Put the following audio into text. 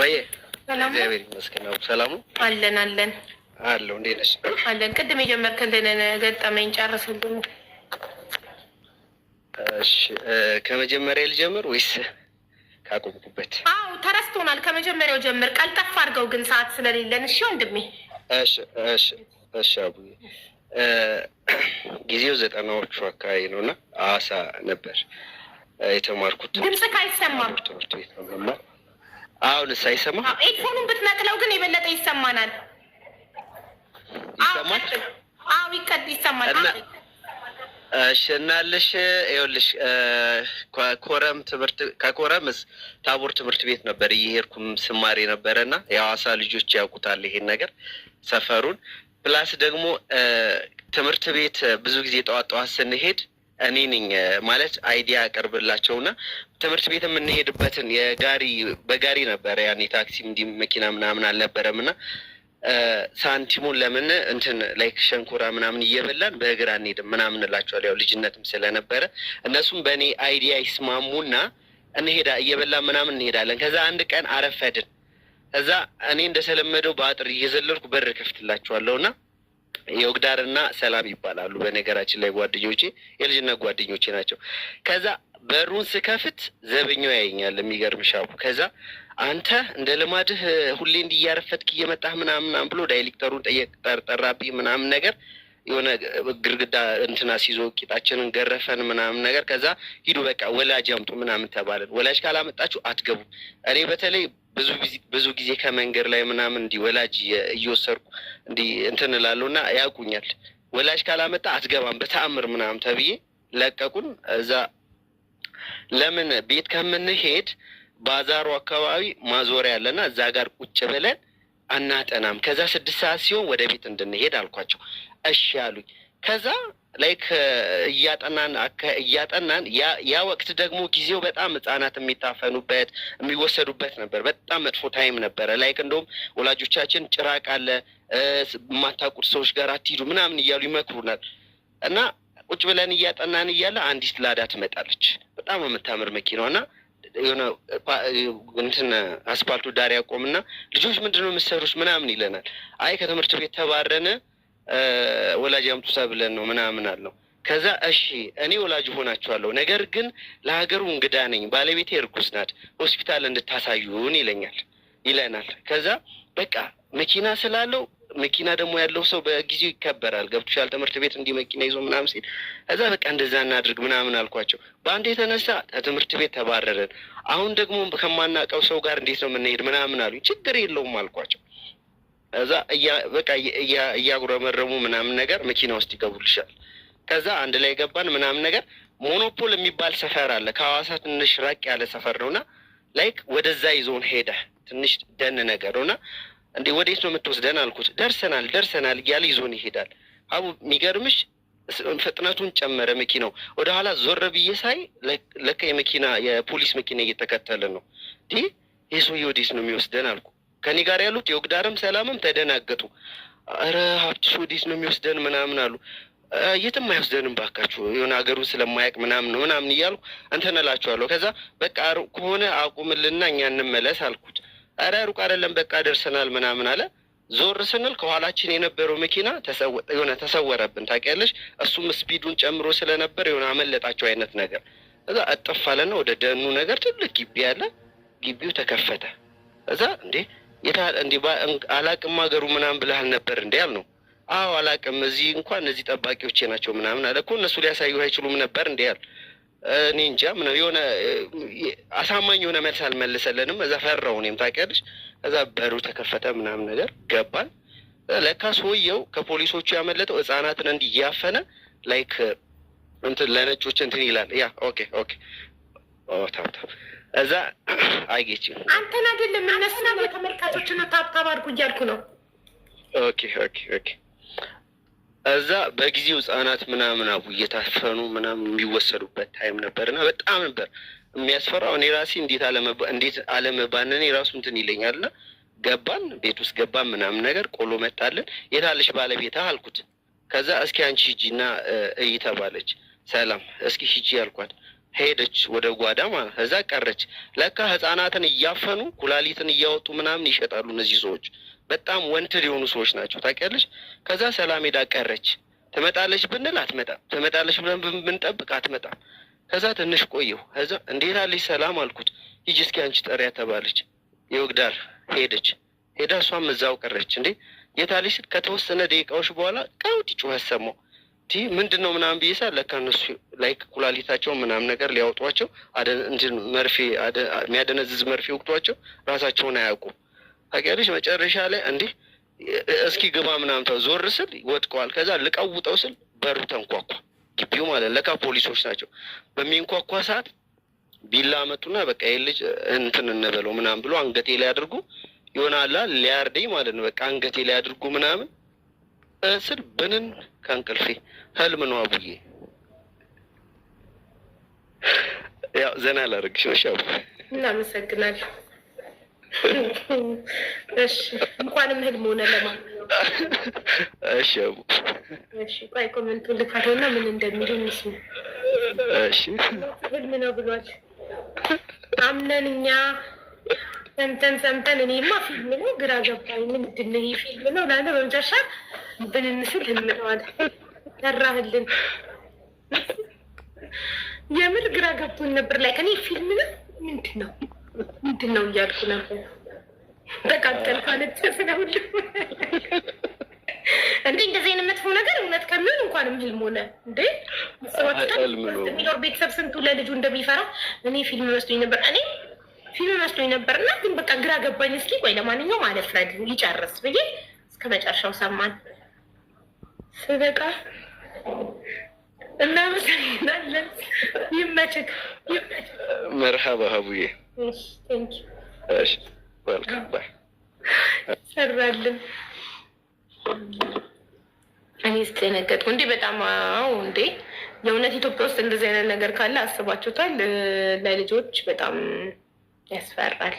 ወይ እግዚአብሔር ይመስገን። ሰላሙ አለን አለን አለው። እንዴት ነሽ? አለን። ቅድም የጀመርከልን ገጠመኝ ጨርስልን። እሺ፣ ከመጀመሪያ ልጀምር ወይስ ካቆምኩበት? አዎ ተረስቶናል። ከመጀመሪያው ጀምር፣ ቀልጠፍ አድርገው ግን ሰዓት ስለሌለን። እሺ ወንድሜ። እሺ፣ እሺ፣ እሺ። አቡዬ ጊዜው ዘጠናዎቹ አካባቢ ነው እና ሐዋሳ ነበር የተማርኩት። ድምፅህ አይሰማም። ትምህርት ቤት ነው መማር አሁን ሳ ይሰማ ኤድፎኑን ብትነቅለው ግን የበለጠ ይሰማናል። ይሰማል። አዎ ይቀድ ይሰማል። እሺ እናልሽ ይኸውልሽ ኮረም ትምህርት ከኮረምስ ታቦር ትምህርት ቤት ነበር እየሄድኩም ስማሬ ነበረና የሐዋሳ ልጆች ያውቁታል ይሄን ነገር ሰፈሩን ፕላስ ደግሞ ትምህርት ቤት ብዙ ጊዜ ጠዋት ጠዋት ስንሄድ እኔ ነኝ ማለት አይዲያ አቀርብላቸውና ትምህርት ቤት የምንሄድበትን የጋሪ በጋሪ ነበረ ያኔ ታክሲ እንዲ መኪና ምናምን አልነበረም እና ሳንቲሙን ለምን እንትን ላይክ ሸንኮራ ምናምን እየበላን በእግር አንሄድም ምናምን እላቸዋል። ያው ልጅነትም ስለነበረ እነሱም በእኔ አይዲያ ይስማሙና እንሄዳ እየበላን ምናምን እንሄዳለን። ከዛ አንድ ቀን አረፈድን። እዛ እኔ እንደተለመደው በአጥር እየዘለልኩ በር ከፍትላቸዋለሁና ዮግዳርና ሰላም ይባላሉ። በነገራችን ላይ ጓደኞቼ የልጅነት ጓደኞቼ ናቸው። ከዛ በሩን ስከፍት ዘበኛው ያየኛል። የሚገርም ሻቡ ከዛ አንተ እንደ ልማድህ ሁሌ እንዲያረፈትክ እየመጣህ ምናምናም ብሎ ዳይሌክተሩን ጠየቅ ጠርጠራብኝ ምናምን ነገር የሆነ ግርግዳ እንትና ሲዞ ቂጣችንን ገረፈን ምናምን ነገር። ከዛ ሂዱ በቃ ወላጅ አምጡ ምናምን ተባለን። ወላጅ ካላመጣችሁ አትገቡ። እኔ በተለይ ብዙ ጊዜ ከመንገድ ላይ ምናምን እንዲህ ወላጅ እየወሰድኩ እንዲህ እንትን እላለሁ እና ያውቁኛል። ወላጅ ካላመጣ አትገባም በተአምር ምናምን ተብዬ ለቀቁን። እዛ ለምን ቤት ከምንሄድ ባዛሩ አካባቢ ማዞሪያ ያለና እዛ ጋር ቁጭ ብለን አናጠናም፣ ከዛ ስድስት ሰዓት ሲሆን ወደ ቤት እንድንሄድ አልኳቸው። እሺ አሉኝ። ከዛ ላይክ እያጠናን እያጠናን ያ ወቅት ደግሞ ጊዜው በጣም ህጻናት የሚታፈኑበት የሚወሰዱበት ነበር። በጣም መጥፎ ታይም ነበረ። ላይክ እንደውም ወላጆቻችን ጭራቅ አለ የማታውቁት ሰዎች ጋር አትሂዱ ምናምን እያሉ ይመክሩናል። እና ቁጭ ብለን እያጠናን እያለ አንዲት ላዳ ትመጣለች። በጣም የምታምር መኪናዋ እና የሆነ እንትን አስፓልቱ ዳር ያቆምና ልጆች ምንድነው የምትሰሩት ምናምን ይለናል። አይ ከትምህርት ቤት ተባረን ወላጅ አምጡ ተብለን ነው ምናምን አለው። ከዛ እሺ እኔ ወላጅ ሆናችኋለሁ፣ ነገር ግን ለሀገሩ እንግዳ ነኝ፣ ባለቤቴ እርጉዝ ናት፣ ሆስፒታል እንድታሳዩን ይለኛል ይለናል። ከዛ በቃ መኪና ስላለው መኪና ደግሞ ያለው ሰው በጊዜው ይከበራል። ገብቶሻል? ትምህርት ቤት እንዲህ መኪና ይዞ ምናምን ሲል እዛ በቃ እንደዛ እናድርግ ምናምን አልኳቸው። በአንድ የተነሳ ትምህርት ቤት ተባረረን። አሁን ደግሞ ከማናውቀው ሰው ጋር እንዴት ነው የምንሄድ ምናምን አሉ። ችግር የለውም አልኳቸው። እዛ በቃ እያጉረመረሙ ምናምን ነገር መኪና ውስጥ ይገቡልሻል። ከዛ አንድ ላይ ገባን ምናምን ነገር ሞኖፖል የሚባል ሰፈር አለ። ከሐዋሳ ትንሽ ራቅ ያለ ሰፈር ነውና ላይክ ወደዛ ይዞን ሄደ። ትንሽ ደን ነገር ነውና እንዴ ወዴት ነው የምትወስደን አልኩት። ደርሰናል ደርሰናል እያለ ይዞን ይሄዳል። አቡ የሚገርምሽ ፍጥነቱን ጨመረ መኪናው። ወደ ኋላ ዞር ብዬ ሳይ ለካ የመኪና የፖሊስ መኪና እየተከተለ ነው። ይህ ሰውዬ ወዴት ነው የሚወስደን አልኩ። ከኔ ጋር ያሉት የወግዳርም ሰላምም ተደናገጡ። እረ ሀብትሽ ወዴት ነው የሚወስደን ምናምን አሉ። የትም አይወስደንም ባካችሁ፣ የሆነ ሀገሩ ስለማያውቅ ምናምን ነው ምናምን እያሉ እንትን እላችኋለሁ። ከዛ በቃ ሩቅ ከሆነ አቁምልና እኛ እንመለስ አልኩት። እረ ሩቅ አይደለም በቃ ደርሰናል ምናምን አለ። ዞር ስንል ከኋላችን የነበረው መኪና የሆነ ተሰወረብን፣ ታውቂያለሽ። እሱም ስፒዱን ጨምሮ ስለነበር የሆነ አመለጣቸው አይነት ነገር። እዛ እጠፋለና ወደ ደኑ ነገር ትልቅ ግቢ አለ። ግቢው ተከፈተ። እዛ እንዴ የታል እንዲ አላቅም ሀገሩ ምናምን ብለሃል ነበር እንዲ ያል ነው። አዎ አላቅም፣ እዚህ እንኳን እነዚህ ጠባቂዎቼ ናቸው ምናምን አለ እኮ እነሱ ሊያሳዩ አይችሉም ነበር እንዲ ያል እኔ እንጃ ምናምን የሆነ አሳማኝ የሆነ መልስ አልመልሰለንም። እዛ ፈራሁ እኔም ታውቂያለሽ። እዛ በሩ ተከፈተ ምናምን ነገር ገባል ለካ ሰውየው ከፖሊሶቹ ያመለጠው ህጻናትን እንዲህ እያፈነ ላይክ እንትን ለነጮች እንትን ይላል። ያ ኦኬ ኦኬ ኦ ታም ታም እዛ አይጌች አንተን አይደለም እነሱን ነው ታብታብ አድርጉ እያልኩ ነው። ኦኬ ኦኬ ኦኬ። እዛ በጊዜው ህጻናት ምናምን አቡ እየታፈኑ ምናምን የሚወሰዱበት ታይም ነበር እና በጣም ነበር የሚያስፈራው። እኔ ራሴ እንዴት እንዴት አለመባነን የራሱ እንትን ይለኛል እና ገባን፣ ቤት ውስጥ ገባን ምናምን ነገር ቆሎ መጣልን። የታለች ባለቤታ አልኩት። ከዛ እስኪ አንቺ ሂጂ እና እይ ተባለች። ሰላም እስኪ ሂጂ አልኳት። ሄደች ወደ ጓዳ ማለት እዛ ቀረች። ለካ ህጻናትን እያፈኑ ኩላሊትን እያወጡ ምናምን ይሸጣሉ እነዚህ ሰዎች። በጣም ወንትድ የሆኑ ሰዎች ናቸው ታውቂያለሽ። ከዛ ሰላም ሄዳ ቀረች። ትመጣለች ብንል አትመጣም። ትመጣለች ብለን ብንጠብቅ አትመጣም። ከዛ ትንሽ ቆየሁ። ከዛ እንዴት አለች ሰላም አልኩት። ሂጂ እስኪ አንቺ ጠሪያ ተባለች። ይወግዳል ሄደች። ሄዳ እሷም እዛው ቀረች። እንዴ የታለች ስል ከተወሰነ ደቂቃዎች በኋላ ቀውጢ ጩኸት ሰማሁ። እንዲህ ምንድን ነው ምናምን ብዬ ሳይ ለካ እነሱ ላይክ ኩላሊታቸውን ምናምን ነገር ሊያወጧቸው እንትን መርፌ የሚያደነዝዝ መርፌ ወቅቷቸው ራሳቸውን አያውቁም። ታውቂያለሽ መጨረሻ ላይ እንዲህ እስኪ ግባ ምናምን ተው ዞር ስል ወጥቀዋል። ከዛ ልቀውጠው ስል በሩ ተንኳኳ፣ ግቢው ማለት ለካ ፖሊሶች ናቸው። በሚንኳኳ ሰዓት ቢላ መጡና በቃ ይህ ልጅ እንትን እንበለው ምናምን ብሎ አንገቴ ላይ አድርጉ ይሆናላ ሊያርደኝ ማለት ነው። በቃ አንገቴ ላይ አድርጉ ምናምን እስል ብንን ከእንቅልፌ ህልም ነው አቡዬ። ያው ዘና ላደርግሽ ነው። ሻቡ እናመሰግናለሁ። እንኳንም ህልም ሆነ። ለማንኛውም እሺ አቡ፣ እሺ ቆይ ኮመንቱን ልካለውና ምን እንደሚሉ እንስማ። እሺ ህልም ነው ብሏል። አምነን እኛ ሰምተን ሰምተን እኔማ ፊልም ነው ግራ ገባኝ። ምንድን ነው ይህ ፊልም ነው ላለ በመጨረሻ ብንንስል እንለዋለን። ሰራህልን። የምር ግራ ገብቶኝ ነበር። ላይ እኔ ፊልም ነው ምንድን ነው ምንድን ነው እያልኩ ነበር። ተቃጠል ስለሁሉ እንዴ እንደዚህ አይነት መጥፎ ነገር እውነት ከሚሆን እንኳንም ህልም ሆነ እንዴ ሚኖር ቤተሰብ ስንቱ ለልጁ እንደሚፈራ እኔ ፊልም መስሎኝ ነበር። እኔ ፊልም መስሎኝ ነበር እና ግን በቃ ግራ ገባኝ። እስኪ ቆይ ለማንኛውም አለፍረድ ይጨርስ ብዬ እስከ መጨረሻው ሰማን። ስበቃ እናመሰግናለን። ይመችህ። መርሃባ ሀቡዬ ሰራልን። እኔ ስደነገጥኩ እንዴ! በጣም አዎ፣ እንዴ! የእውነት ኢትዮጵያ ውስጥ እንደዚህ አይነት ነገር ካለ አስባችሁታል? ለልጆች በጣም ያስፈራል።